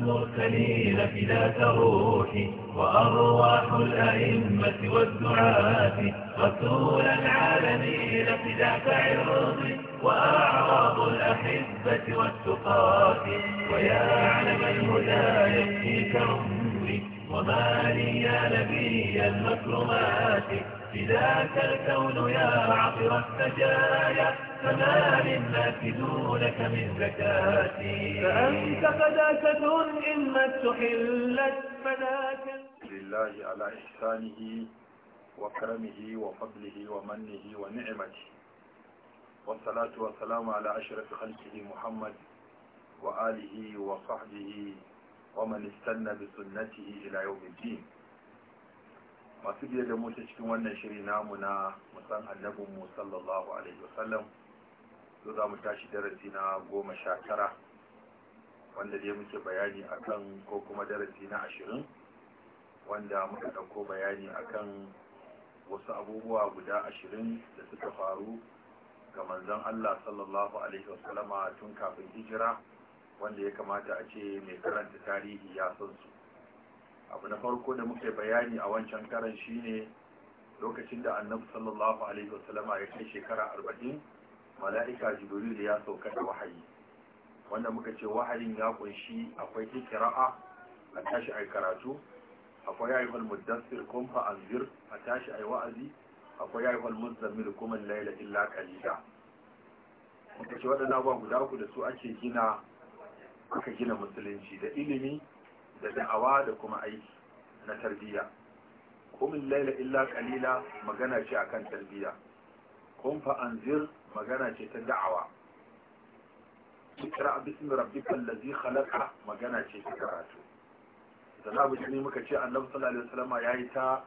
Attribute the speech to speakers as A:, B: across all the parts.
A: المرسلين فداة روحي وأرواح الأئمة والدعاة رسول العالمين فداة عرضي وأعراض الأحبة والتقاة ويا علم الهدى يكفيك أمي وما لي يا نبي المكرمات فداك الكون يا عطر السجايا فما للناس دونك من زكاتي فأنت قداسة إن مت حلت فذاك لله على إحسانه وكرمه وفضله ومنه ونعمته والصلاة والسلام على أشرف خلقه محمد وآله وصحبه ومن استنى بسنته إلى يوم الدين masu biye da mu ta cikin wannan shiri namu na musan annabin mu sallallahu alaihi wasallam to za mu tashi darasi na goma sha tara wanda dai muke bayani a kan ko kuma darasi na ashirin wanda muka ɗauko bayani a kan wasu abubuwa guda ashirin da suka faru ga manzon Allah sallallahu alaihi wasallama tun kafin hijira wanda ya kamata a ce mai karanta tarihi ya san su abu na farko da muke bayani a wancan karan shine lokacin da annabi sallallahu alaihi wasallama ya kai shekara arba'in mala'ika jibril ya sauka da wahayi wanda muka ce wahayin ya kunshi akwai ikra'a a tashi ai karatu akwai ayyuhal muddassir kum fa anzir a tashi ai wa'azi akwai ayyuhal muzammil kuma laila illa qalila muka ce waɗannan ba guda ku da su ake gina aka gina musulunci da ilimi da da'awa da kuma aiki na tarbiyya kumin laila illa kalila magana ce akan tarbiyya kun fa anzir magana ce ta da'awa ikra bismi rabbika allazi khalaqa magana ce ta karatu Da zanabu ne muka ce annabi sallallahu alaihi wasallam yayi ta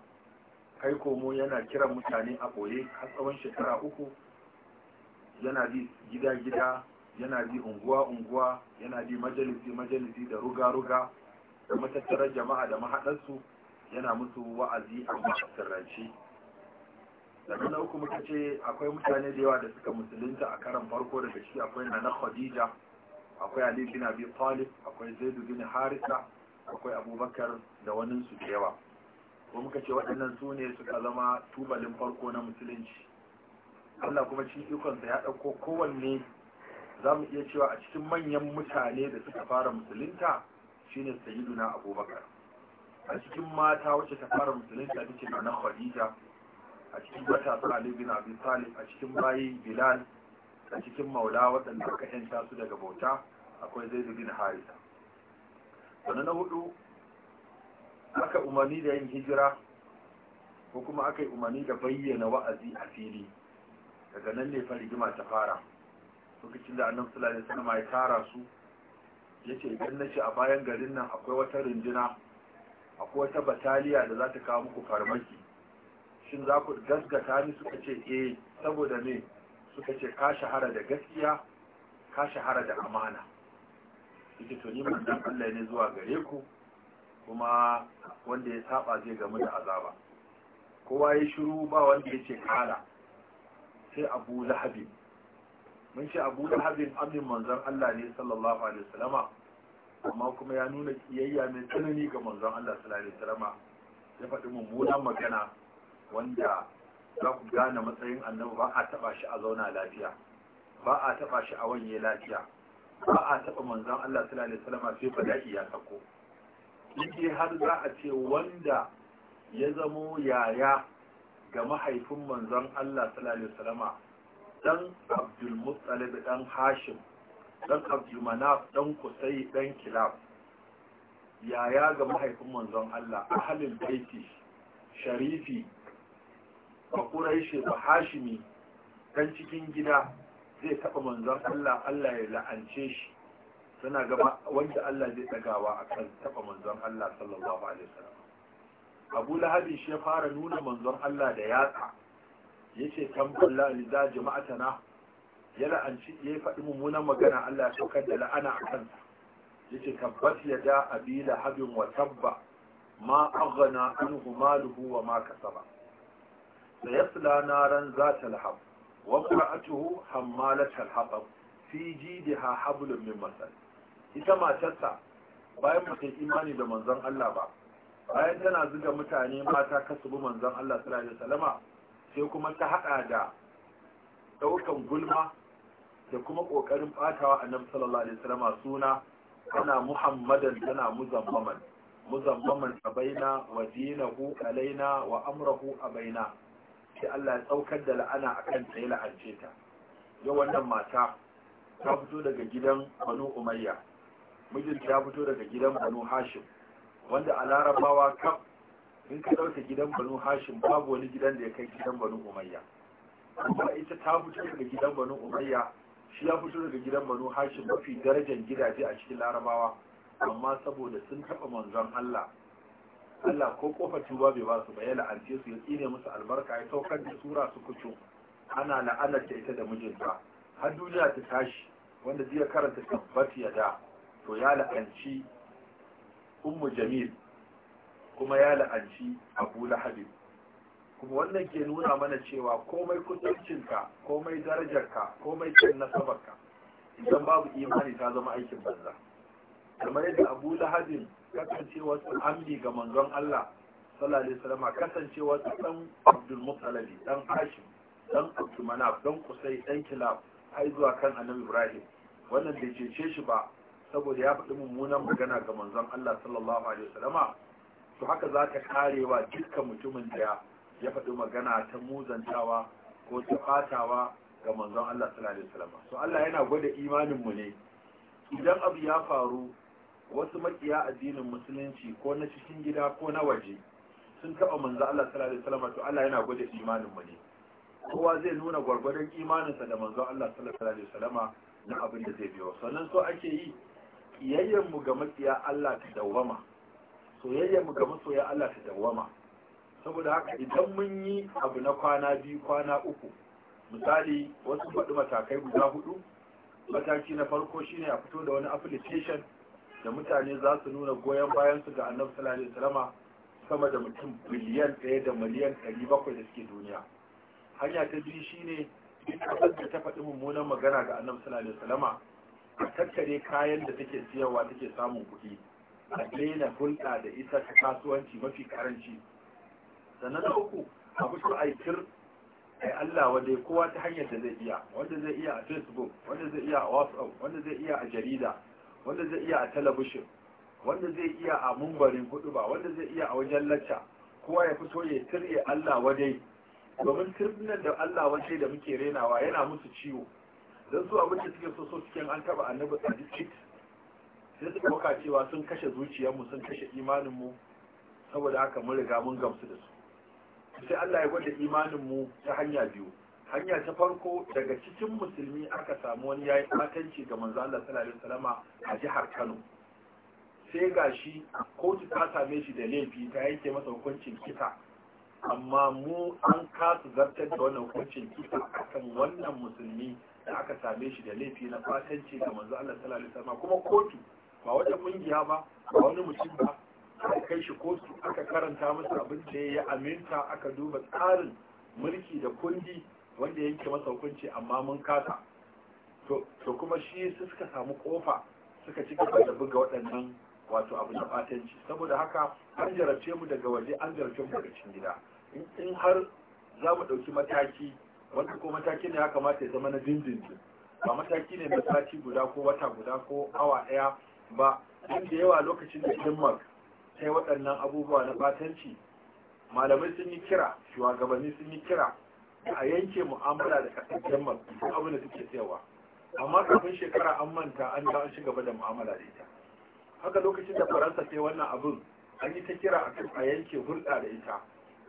A: kai komo yana kiran mutane a boye har tsawon shekara uku yana bi gida gida yana bi unguwa unguwa yana bi majalisi majalisi da ruga ruga da matattarar jama'a da mahaɗarsu yana musu wa'azi a matattaranci daga na uku muka ce akwai mutane da yawa da suka musulunta a karan farko daga shi akwai nana khadija akwai ali bin abi talib akwai zaidu bin harisa akwai abubakar da wani su da yawa ko muka ce waɗannan su ne suka zama tubalin farko na musulunci allah kuma cikin ikonsa ya ɗauko kowanne za mu iya cewa a cikin manyan mutane da suka fara musulunta shine sayyiduna abubakar a cikin mata wacce ta fara musulunci a cikin nan khadija a cikin mata ali bin abi talib a cikin bayi bilal a cikin maula waɗanda aka yanta su daga bauta akwai zaid bin harisa sannan na hudu aka umarni da yin hijira ko kuma aka yi umarni da bayyana wa'azi a fili daga nan ne farigima ta fara lokacin da annabi sallallahu alaihi wasallam ya tara su yace idan na ce a bayan garin nan akwai wata rinjina akwai wata bataliya da za ta kawo muku farmaki shin za ku gasgata ni suka ce eh saboda ne suka ce ka shahara da gaskiya ka shahara da amana yake to ni manzon Allah ne zuwa gare ku kuma wanda ya saba zai gamu da azaba kowa ya shiru ba wanda ya ce kala sai abu lahabi mun ce abu da habin amin manzon Allah ne sallallahu alaihi wasallama amma kuma ya nuna kiyayya mai tsanani ga manzon Allah sallallahu alaihi wasallama ya faɗi mummunan magana wanda za ku gane matsayin annabi ba a taɓa shi a zauna lafiya ba a taɓa shi a wanye lafiya ba a taɓa manzon Allah sallallahu alaihi wasallama sai bala'i ya sako in har za a ce wanda ya zamo yaya ga mahaifin manzon Allah sallallahu alaihi wasallama dan abdulmuttalib dan hashim dan abdulmanaf dan kusai dan kilab yaya ga mahaifin manzon Allah halin baiti sharifi ba quraishi ba hashimi dan cikin gida zai taba manzon Allah Allah ya la'ance shi suna gaba wanda Allah zai dagawa akan taba manzon Allah sallallahu alaihi wasallam Abu Lahabi shi ya fara nuna manzon Allah da yatsa ya ce kan balla liza jama'atana ya la'anci ya faɗi mummunan magana Allah ya saukar da la'ana a kansa ya ce tabbas ya da abi lahabin wa tabba ma aghna anhu maluhu wa ma kasaba sayasla naran zata lahab wa imra'atuhu hammalat al fi jidha hablum min masal ita matarsa bayan ba imani da manzon Allah ba bayan tana zuga mutane mata kasu manzon Allah sallallahu alaihi wasallama sai kuma ta haɗa da ɗaukan gulma da kuma ƙoƙarin ɓatawa a nan, sallallahu alaihi wasallam suna ana muhammadan tana muzammaman muzammaman abaina wa dinahu alaina wa amrahu abaina sai Allah ya saukar da la'ana akan ta ya la'ance ta yau wannan mata ta fito daga gidan banu umayya mijinta ya fito daga gidan banu hashim wanda a larabawa kaf in ka ɗauka gidan banu hashim babu wani gidan da ya kai gidan banu umayya amma ita ta fito daga gidan banu umayya shi ya fito daga gidan banu hashim mafi darajar gidaje a cikin larabawa amma saboda sun taɓa manzon allah allah ko kofar tuba bai ba su ba ya la'ance su ya tsine musu albarka ya saukar da sura su kucu ana la'anar da ita da mijinta har duniya ta tashi wanda zai karanta tabbat ya da to ya la'anci ummu jamil kuma ya la'anci abu lahabin kuma wannan ke nuna mana cewa komai kusancinka komai darajarka komai kan nasabarka idan babu imani ta zama aikin banza kamar yadda abu lahabin kasancewa su ambi ga manzon Allah sallallahu alaihi wasallam su dan Abdul Muttalib dan Hashim dan Abdul Manaf dan Qusay dan Kilab har zuwa kan Annabi Ibrahim wannan bai cece shi ba saboda ya faɗi mummunan magana ga manzon Allah sallallahu alaihi wasallama to haka za ka karewa duka mutumin da ya faɗi magana ta muzantawa ko ta fatawa ga manzon Allah sallallahu alaihi wasallam so Allah yana gwada imanin mu ne idan abu ya faru wasu makiya addinin musulunci ko na cikin gida ko na waje sun taba manzon Allah sallallahu alaihi wasallam to Allah yana gwada imanin mu ne kowa zai nuna gwargwadon imaninsa da manzon Allah sallallahu alaihi wasallam na abin da zai biyo sannan so ake yi kiyayyen mu ga makiya Allah ta dawama soyayyar mu ga masoya Allah ta dawwama saboda haka idan mun yi abu na kwana biyu kwana uku misali wasu faɗi matakai guda hudu mataki na farko shine a fito da wani application da mutane za su nuna goyon bayan su ga annabi sallallahu alaihi wasallama sama da mutum biliyan ɗaya da miliyan ɗari bakwai da suke duniya hanya ta biyu shine duk ka da ta faɗi mummunan magana ga annabi sallallahu alaihi wasallama a tattare kayan da take siyarwa take samun kuɗi a daina hulɗa da ita ta kasuwanci mafi karanci sannan na uku a kusa a yi Allah wadai kowa ta hanyar da zai iya wanda zai iya a facebook wanda zai iya a whatsapp wanda zai iya a jarida wanda zai iya a talabishin wanda zai iya a mumbarin hudu ba wanda zai iya a wajen lacca kowa ya fito ya tirye Allah wadai domin tirnan da Allah wadai da muke renawa yana musu ciwo don su abin da suke so so cikin an taba annabi sadiq sai suka ɗauka cewa sun kashe zuciyarmu sun kashe imaninmu saboda haka mun riga mun gamsu da su sai Allah ya gwada imaninmu ta hanya biyu hanya ta farko daga cikin musulmi aka samu wani yayi matanci ga manzo Allah sallallahu alaihi wasallama a jihar Kano sai gashi kotu ta same shi da laifi ta yanke masa hukuncin kisa amma mu an kasu zartar da wannan hukuncin kisa akan wannan musulmi da aka same shi da laifi na fatanci ga manzo Allah sallallahu alaihi wasallama kuma kotu ba wata kungiya ba ba wani mutum ba aka kai shi kotu aka karanta masa abin da ya aminta aka duba tsarin mulki da kundi wanda yanke masa hukunci amma mun kasa to kuma shi suka samu kofa suka ci gaba da buga waɗannan wato abu na batanci saboda haka an jarabce mu daga waje an jarabce mu daga cikin gida in har za mu ɗauki mataki wanda ko mataki ne ya kamata ya zama na dindindin ba mataki ne na sati guda ko wata guda ko awa ɗaya ba inda da yawa lokacin da denmark ta waɗannan abubuwa na batanci malamai sun yi kira shugabanni sun yi kira a yanke mu'amala da ƙasar denmark duk abin da suke tsayawa. amma kafin shekara an manta an ga an ci gaba da mu'amala da ita haka lokacin da faransa ta wannan abun an yi ta kira a yanke hulɗa da ita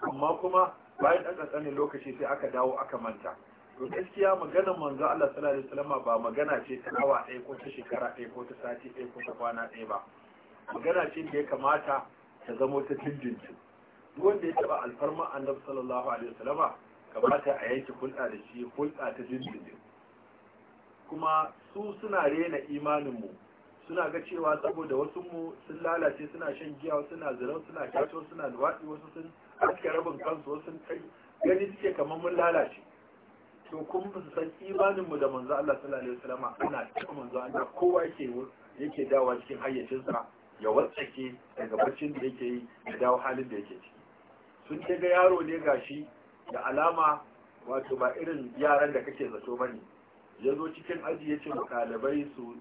A: amma kuma bayan ɗan ƙanƙanin lokaci sai aka dawo aka manta to gaskiya maganar manzo Allah sallallahu alaihi wasallam ba magana ce ta awa ɗaya ko ta shekara ɗaya ko ta sati ɗaya ko ta kwana ɗaya ba magana ce da ya kamata ta zama ta dindinci duk wanda ya taba alfarma annabi sallallahu alaihi wasallam kamata a yanki hulɗa da shi hulɗa ta dindindin kuma su suna rena imanin mu suna ga cewa saboda wasu mu sun lalace suna shan giya suna zira suna kyato suna luwaɗi wasu sun aske rabin kansu wasu sun kai gani suke kamar mun lalace to kun san imanin mu da manzo Allah sallallahu alaihi wasallam ana cika manzo Allah kowa yake yake dawa cikin hayyacinsa ya watsake daga barcin da yake yi da dawo halin da yake ciki sun ce ga yaro ne gashi da alama wato ba irin yaran da kake zato bane ya zo cikin aji ya ce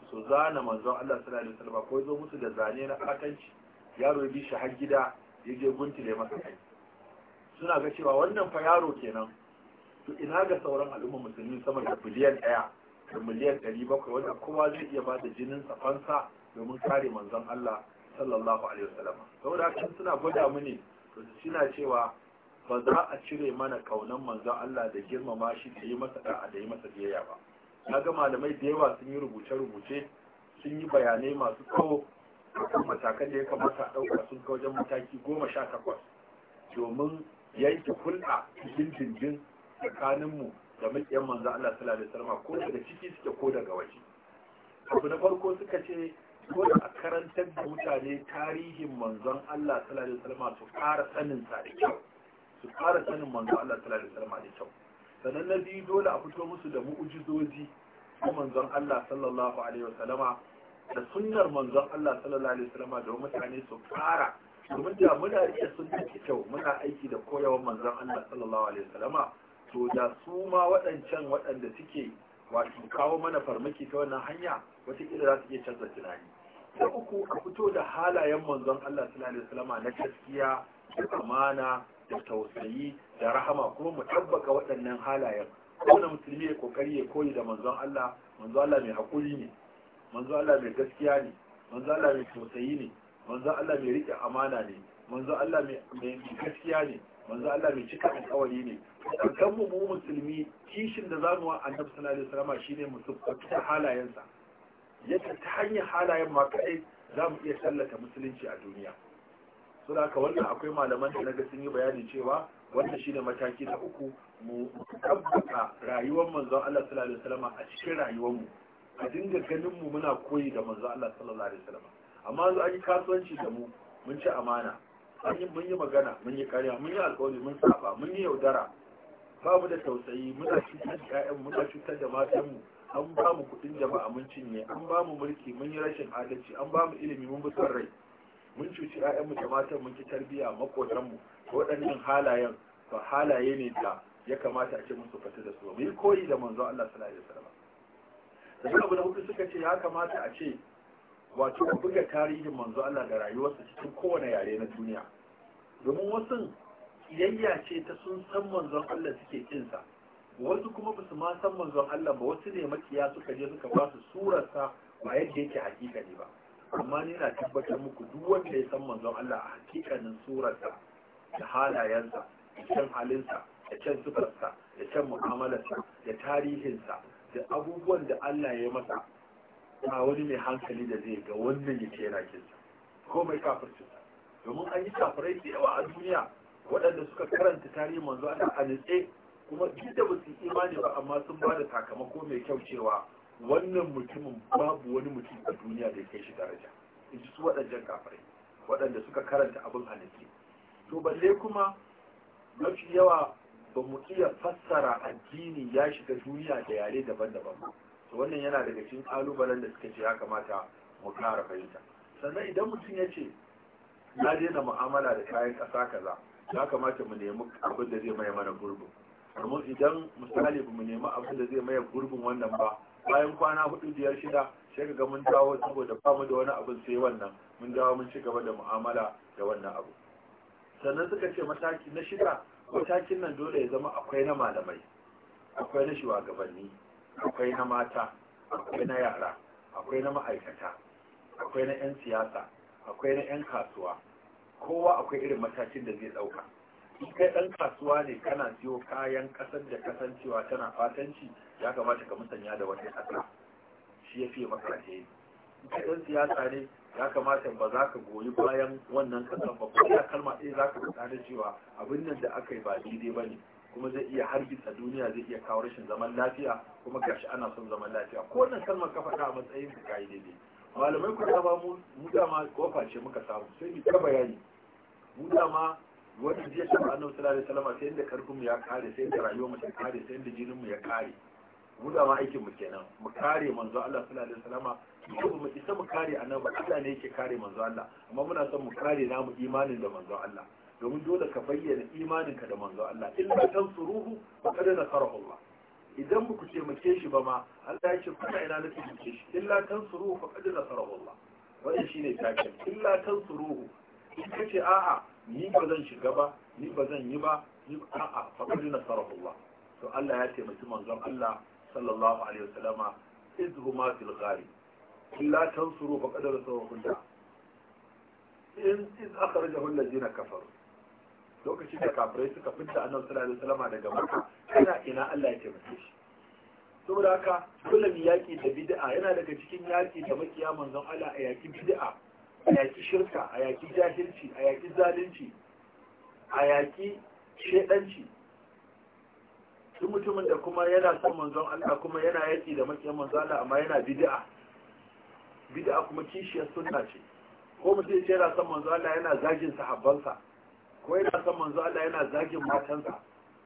A: su zana manzo Allah sallallahu alaihi wasallam ko zo musu da zane na katanci yaro ya bi shi har gida ya je guntule masa kai suna ga cewa wannan fa yaro kenan to ina ga sauran al'umma musulmi sama da biliyan ɗaya da miliyan ɗari bakwai wanda kowa zai iya ba da jinin safansa domin kare manzon Allah sallallahu alaihi wasallam saboda suna gwada mu ne to suna cewa ba za a cire mana kaunan manzon Allah da girmama shi da yi masa da'a da yi masa biyayya ba na ga malamai da yawa sun yi rubuce-rubuce sun yi bayanai masu kawo akan matakan da ya kamata a ɗauka sun kai wajen mataki goma sha takwas domin yanke hulɗa cikin jinjin tsakaninmu da makiyan manzo Allah sallallahu alaihi wasallam ko daga ciki suke ko daga waje abu na farko suka ce ko da a karantar da mutane tarihin manzon Allah sallallahu alaihi wasallam su fara sanin sa da kyau su fara sanin manzon Allah sallallahu alaihi wasallam da kyau sannan na biyu dole a fito musu da mu'ujizoji na manzon Allah sallallahu alaihi wasallam da sunnar manzon Allah sallallahu alaihi wasallam da mutane su fara domin da muna rike sunnar da kyau muna aiki da koyawar manzon Allah sallallahu alaihi wasallam to da su ma waɗancan waɗanda suke wato kawo mana farmaki ta wannan hanya wataƙila za su iya canza tunani ta uku a fito da halayen manzon Allah sallallahu alaihi wasallam na gaskiya da amana da tausayi da rahama kuma mu tabbaka waɗannan halayen kowane musulmi ya kokari ya koyi da manzon Allah manzon Allah mai hakuri ne manzon Allah mai gaskiya ne manzon Allah mai tausayi ne manzon Allah mai riƙe amana ne manzon Allah mai gaskiya ne manzon Allah mai cika alƙawari ne kan mu musulmi kishin da zamu wa annabi sallallahu alaihi wasallam shine mu tabbata halayensa yadda ta hanyar halayen ma kai zamu iya sallata musulunci a duniya so da wannan akwai malaman da naga sun yi bayani cewa wannan shine mataki na uku mu tabbata rayuwar manzon Allah sallallahu alaihi wasallam a cikin rayuwar mu a dinga ganin mu muna koyi da manzon Allah sallallahu alaihi wasallam amma yanzu an yi kasuwanci da mu mun ci amana an mun yi magana mun yi karya mun yi alƙawari mun saba mun yi yaudara babu da tausayi muna cutar da ƴaƴan muna cutar da matanmu an ba mu kuɗin jama'a mun cinye an ba mu mulki mun yi rashin adalci an ba mu ilimi mun bukar rai mun cuci ƴaƴanmu da matan mun ki tarbiyya makotanmu waɗannan halayen ba halaye ne da ya kamata a ce mun fata da su mu koyi da manzo Allah sallallahu alaihi wasallam da abu da hudu suka ce ya kamata a ce wato buga tarihin manzo Allah da rayuwarsa cikin kowane yare na duniya domin wasu kiyayya ce ta sun san manzon Allah suke kinsa wasu kuma ba su ma san manzon Allah ba wasu ne makiya suka je suka ba su surarsa ba yadda yake hakika ne ba amma ni na tabbatar muku duk wanda ya san manzon Allah a hakikanin surarsa da halayensa da can halinsa da can sufarsa da can mu'amalarsa da tarihinsa da abubuwan da Allah ya masa ba wani mai hankali da zai ga wannan ya kera kinsa komai kafircinsa domin an yi kafirai da yawa a duniya waɗanda suka karanta tarihin manzo Allah a nitse kuma duk da ba su imani ba amma sun ba da sakamako mai kyau cewa wannan mutumin babu wani mutum a duniya da kai shi daraja in ji su waɗancan kafirai waɗanda suka karanta abin a nitse to balle kuma mafi yawa ba mu iya fassara addini ya shiga duniya da yare daban-daban ba to wannan yana daga cikin kalubalen da suka ce ya kamata mu kara fahimta sannan idan mutum ya ce na daina mu'amala da kayan ƙasa kaza ya kamata mu nemi abin da zai maye mana gurbin domin idan misali mu nemi abin da zai maye gurbin wannan ba bayan kwana hudu biyar shida sai ga mun dawo saboda ba mu da wani abin sai wannan mun dawo mun ci gaba da mu'amala da wannan abu sannan suka ce mataki na shida matakin nan dole ya zama akwai na malamai akwai na shugabanni akwai na mata akwai na yara akwai na ma'aikata akwai na 'yan siyasa akwai na 'yan kasuwa kowa akwai irin matakin da zai ɗauka in kai ɗan kasuwa ne kana siyo kayan kasar da kasancewa tana fatanci ya kamata ka musanya da wata ƙasa shi ya fiye maka alheri kai ɗan siyasa ne ya kamata ba za ka goyi bayan wannan kasar ba ko ya kalma ɗaya za ka fita da cewa abin nan da aka yi ba daidai ba ne kuma zai iya hargitsa duniya zai iya kawo rashin zaman lafiya kuma gashi ana son zaman lafiya ko wannan kalmar ka faɗa a matsayin ka yi daidai malamai kuma ba mu dama kofa ce muka samu sai mu ta bayani mu dama wani jiya ta annabi sallallahu alaihi wasallam sai inda karfin mu ya kare sai inda rayuwar mu ta kare sai inda jinin mu ya kare mu dama aikin mu kenan mu kare manzo Allah sallallahu alaihi wasallam ko mu isa mu kare annabi Allah ne yake kare manzo Allah amma muna son mu kare namu imanin da manzo Allah domin dole ka bayyana imaninka da manzo Allah in ba kada na nasarahu Allah idan ba ku taimake shi ba ma Allah ya ce kuma ina na taimake shi illa kada na nasarahu Allah wannan shine takin illa suruhu. in ka ce a'a ni ba zan shiga ba ni ba zan yi ba ni ba fa faɗi na ba. to Allah ya taimaki manzon Allah sallallahu alaihi wasallama izhuma fil ghari illa tansuru faqad rasulullah in iz akhrajahu allazina kafaru lokacin da kafirai suka fita annabi sallallahu alaihi wasallama daga makka ina ina Allah ya taimake shi saboda haka kullum yaƙi da bid'a yana daga cikin yaƙi da makiya manzon Allah a bid'a a yaƙi shirka a yaƙi jahilci a yaƙi zalunci a yaƙi shedanci duk mutumin da kuma yana son manzon Allah kuma yana yaki da matsayin manzon Allah amma yana bid'a bid'a kuma kishiyar sunna ce ko mutum ce yana son manzon Allah yana zagin sahabbansa ko yana son manzon Allah yana zagin matansa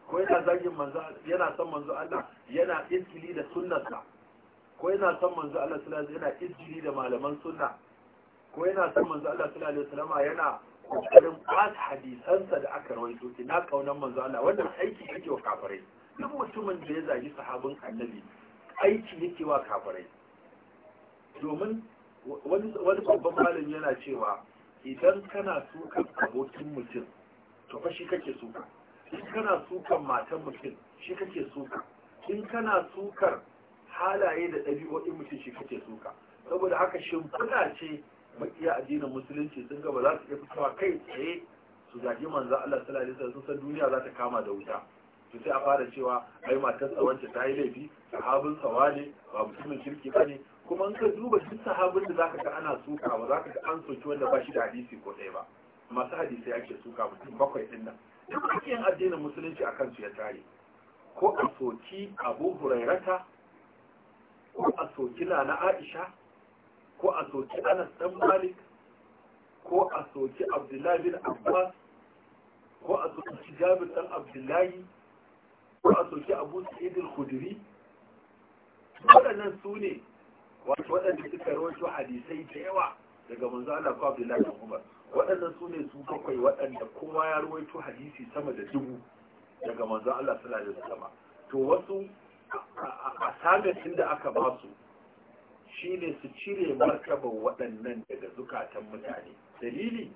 A: ko yana zagin Allah yana son manzon Allah yana iskili da sunnarsa ko yana son manzon Allah sallallahu alaihi wasallam yana iskili da malaman sunna ko yana son manzo Allah sallallahu alaihi wasallam yana kokarin kwas hadisansa da aka rawaito Na kaunan manzo Allah wannan aiki yake wa kafirai duk mutumin da ya zagi sahabin annabi aiki yake wa kafirai domin wani babban malami yana cewa idan kana sukan abokin mutum to fa shi kake suka in kana sukan matan mutum shi kake suka in kana sukar halaye da ɗabi'o'in mutum shi kake suka saboda haka shimfiɗa ce makiya addinin musulunci sun ga za su iya fitowa kai tsaye su zagi manzo Allah sallallahu alaihi wasallam san duniya za ta kama da wuta to sai a fara cewa ai matar tsawanta ta yi laifi sahabin sawa ne ba musulmin kirki bane kuma in ka duba duk sahabin da zaka ga ana suka ba zaka ga an soki wanda ba shi da hadisi ko ɗaya ba masu hadisi ake suka mutum bakwai din nan duk addinin musulunci a su ya tare ko a soki abu hurairata ko a soki na na aisha ko a soki anas dan malik ko a soki abdullahi bin abbas ko a soki jabir dan abdullahi ko a soki abu sa'id al-khudri waɗannan su ne wato waɗanda suka rawaito hadisai da yawa daga manzo Allah ko Abdullahi bin Umar waɗannan su ne su bakwai waɗanda kowa ya rawaito hadisi sama da dubu daga manzo Allah sallallahu alaihi wasallam to wasu a sagatin da aka ba su shine su cire martabar waɗannan daga zukatan mutane dalili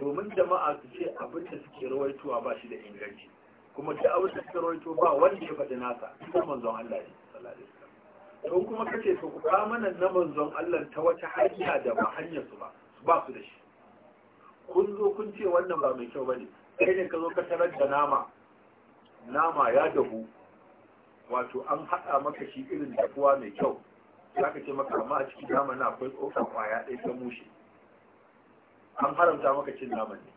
A: domin jama'a su ce abin da suke rawaitowa ba shi da inganci kuma ta abin da suke rawaito ba wanda ya faɗi nasa ita manzon Allah ne don kuma kace to ku mana na manzon Allah ta wata hanya da ba hanyar su ba ba su da shi kun zo kun ce wannan ba mai kyau bane kai ne ka zo ka tarar da nama nama ya dahu wato an haɗa maka shi irin dafuwa mai kyau za ce maka amma a cikin naman akwai tsoka kwaya ɗaya ta mushe an haramta maka cin naman ne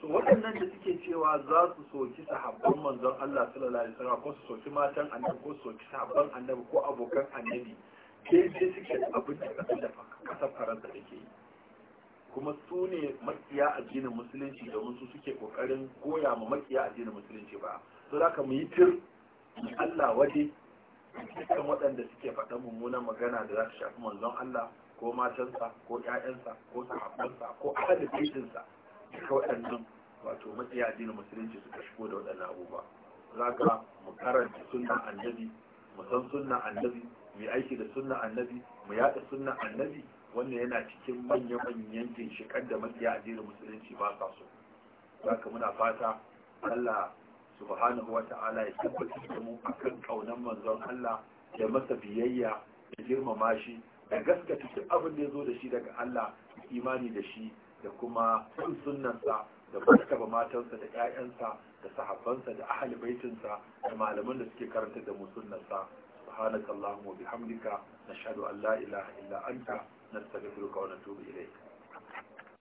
A: su waɗannan da suke cewa za su soki sahabban manzon Allah sallallahu alaihi wasallam ko su soki matan annabi ko su soki sahabban annabi ko abokan annabi ke ce suke da abin da kasar da kasar faransa take yi kuma su ne makiya addinin musulunci domin su suke kokarin koya ma makiya addinin musulunci ba to za ka mu yi tir Allah waje dukkan waɗanda suke faɗa mummunan magana da za su shafi manzon Allah ko matansa ko ƴaƴansa ko sahabbansa ko ahalin baitinsa duka waɗannan wato matsiya addinin musulunci suka shigo da waɗannan abubuwa za ka mu karanta sunnan annabi mu san sunnan annabi mu aiki da sunnan annabi mu yaɗa sunnan annabi wannan yana cikin manya-manyan ginshiƙan da matsiya addinin musulunci ba sa so za ka muna fata Allah subhanahu wata'ala ya tabbatar da mu akan kaunan manzon Allah da masa biyayya da girmama shi da gaskata duk abin da ya zo da shi daga Allah imani da shi da kuma sun sunnansa da martaba matansa da 'ya'yansa da sahabbansa da ahli baitinsa da malaman da suke karanta da mu sunnansa subhanakallahumma wa bihamdika nashhadu an la ilaha illa anta nastaghfiruka wa natubu ilayk